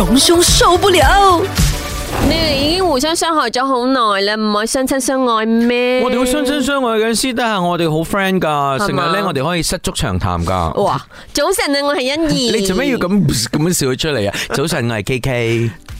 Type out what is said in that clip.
榮兄受不了！你哋已經互相傷害咗好耐啦，唔可以相親相愛咩？我哋會相親相愛嘅，私底下我哋好 friend 噶，成日咧我哋可以失足長談噶。哇！早晨啊，我係欣怡。 你做咩要咁咁樣，樣笑佢出嚟啊？早晨，我係 K K。